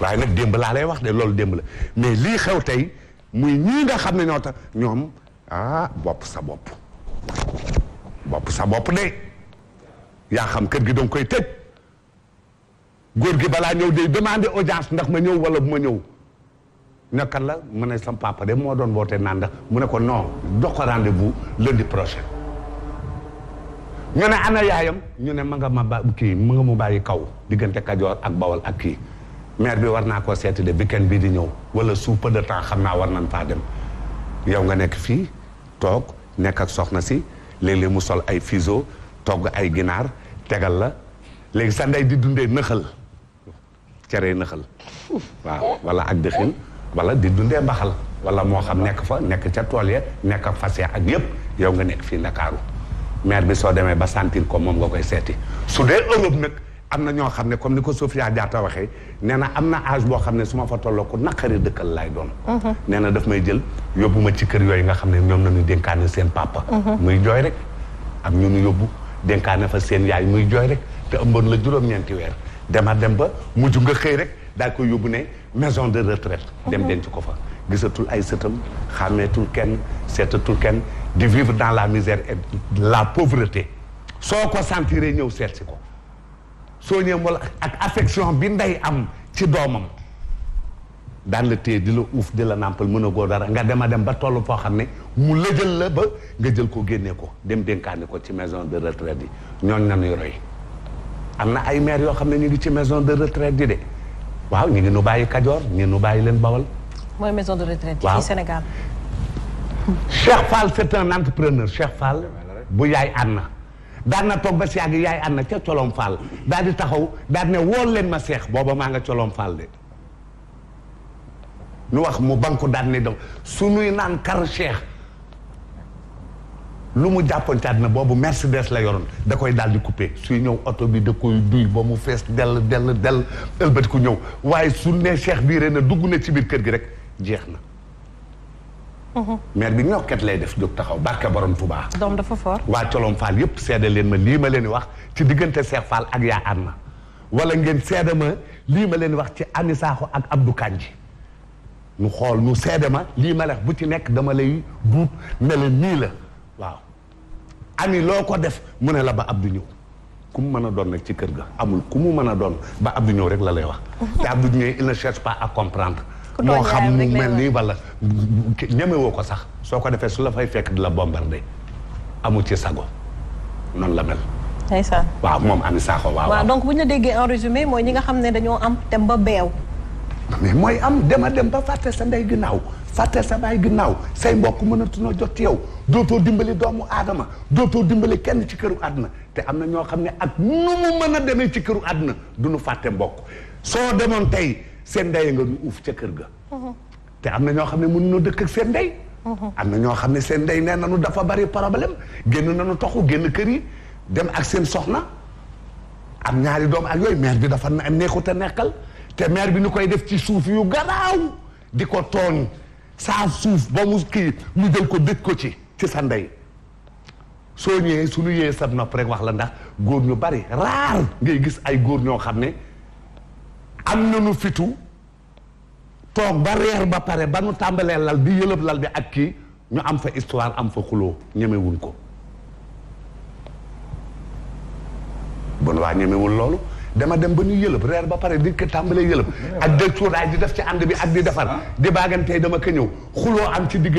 waaye nag démb laa lay wax de loolu démb la mais lii xew tey muy ñii nga xam ne ñoo tax ñoom ah bopp sa bopp bopp sa bopp de yaa xam kër gi danga koy tëj góor gi balaa ñëw de demander audience ndax ma ñëw wala bu ma ñëw nekkal la mu ne sam papa de moo doon woote naan ndax mu ne ko non dox bu rendez-vous lundi prochain ñu ne ana yaayam ñu ne ma nga ma ba kii mu nga mu bàyyi kaw diggante Kajoor ak Bawol ak kii maire bi war naa koo seeti de weekend bii di ñëw wala sous peu de temps xam naa war nañ faa dem yow nga nekk fii toog nekk ak soxna si léeg-léeg mu sol ay fiso togg ay ginaar tegal la léegi sa ndey di dundee nëxal cere nëxal waaw wala ak dëxin wala di dundee mbaxal wala moo xam nekk fa nekk ca tool ya nekk ak fas ya ak yëpp yow nga nekk fii Ndakaaru maire bi soo demee ba sentir ko moom nga koy seeti su dee Europe nag amna ño xamne comme niko Sofia Diatta waxe nee amna âge bo xamne suma fa tolloo ku naqari dëkkal lay doon. nee daf may jël yobuma ci kër yoy nga xamne ñom nañu denkane sen papa. muy joy rek am ñu nu yóbbu denkane fa sen yaay muy joy rek te ëmbon la juroom ñenti wër dema dem ba muju nga xëy rek da ko yóbbu ne maison de retraite. dem ci ko fa gisatul ay sëtam xàmmeetul kenn seetatul kenn di vivre dans la misère et la pauvreté soko ko ñëw seet si ko. soo ñëwee wala ak affection bi nday am ci doomam daan la téye di la uuf di la nàmpal mën a góor dara nga dem a dem ba toll foo xam ne mu lëjal la ba nga jël ko génnee ko dem dénkaane ko ci maison de retraite yi ñooñ nañuy roy am na ay maire yoo xam ne ñu ngi ci maison de retraite yi de waaw ñu ngi nu bàyyi Kajoor ñu nu bàyyi leen Bawol. mooy maison de retraite. waaw fii Sénégal. Cheikh Fall c'est un entrepreneur Cheikh Fall bu yaay ànd na daan na toog ba si yàgg yaay an na ca colom faal daal di taxaw daal ne wool leen ma seex booba maa nga colom faal de ñu wax mu banku daal ne su suñuy naan kar seex lu mu jàppoon ci àddina boobu Mercedes la yoroon da koy daal di coupé suy ñëw oto bi da koy duy ba mu fees dell dell dell ëlbatiku ñëw waaye su ne seex bii ren na dugg na ci biir kër gi rek jeex na Uh-huh. maire bi ñokket lay def jóg taxaw barka borom Touba. doom dafa fort. waa colom Fall yëpp seede leen ma lii ma leen wax ci diggante Cheikh Fall ak yaa Anna wala ngeen seede ma lii ma leen wax ci Ami Sakho ak Abdou Kandji nu xool nu seede ma lii ma lex bu ci nekk dama lay duut ne la nii la waaw Ami loo ko def mu ne la ba ab du ku mu mën a doon nag ci kër ga amul ku mu mën a doon ba Abdou ñëw rek la lay wax uh-huh. te Abdou ñëw il ne cherche pas à comprendre moo xam mu mel nii wala ñeme woo ko sax soo ko defee su la fay fekk di la de amu ci sago noonu la mel. ndeysaan waaw moom Ami Sakho waaw. donc bu ñu la déggee en résumé mooy ñi nga xam ne dañoo am dem ba beew. mais mooy am dem a dem ba fàtte sa ndey ginnaaw fàtte sa baay ginnaaw say mbokk mënatunoo jot ci yow dootoo dimbali doomu aadama dootoo dimbali kenn ci këru àdduna te am na ñoo xam ne ak nu mu mën a demee ci këru àdduna du nu fàtte mbokk soo demoon tey. seen ndey nga nu uuf ca kër ga uh-huh. te am na ñoo xam ne mën noo dëkk ak seen uh-huh. am na ñoo xam ne seen ndey nee nañu dafa bari problème génn nañu toxu génn kër yi dem ak seen soxna am ñaari doom ak yooyu maire bi dafa neexut a nekkal te maire bi ni koy def ci suuf yu garaaw di ko tooñ saa suuf ba mu mu jël ko dëj ko ci ci sa ndey soo ñëwee suñu yee sa nopp rek wax la ndax góor ñu bari raar ngay gis ay góor ñoo xam ne am na nu fitu toog ba reer ba pare ba nu tàmbalee lal bi yëlëb lal bi ak kii ñu am fa histoire am fa xuloo ñemewuñ ko bon wax ñemewul loolu dama dem ba ñu yëlëb reer ba pare di ko tàmbalee yëlëb ak dëkk di def ci ànd bi ak di defar ah. di baagantey dama ko ñëw xuloo am ci digg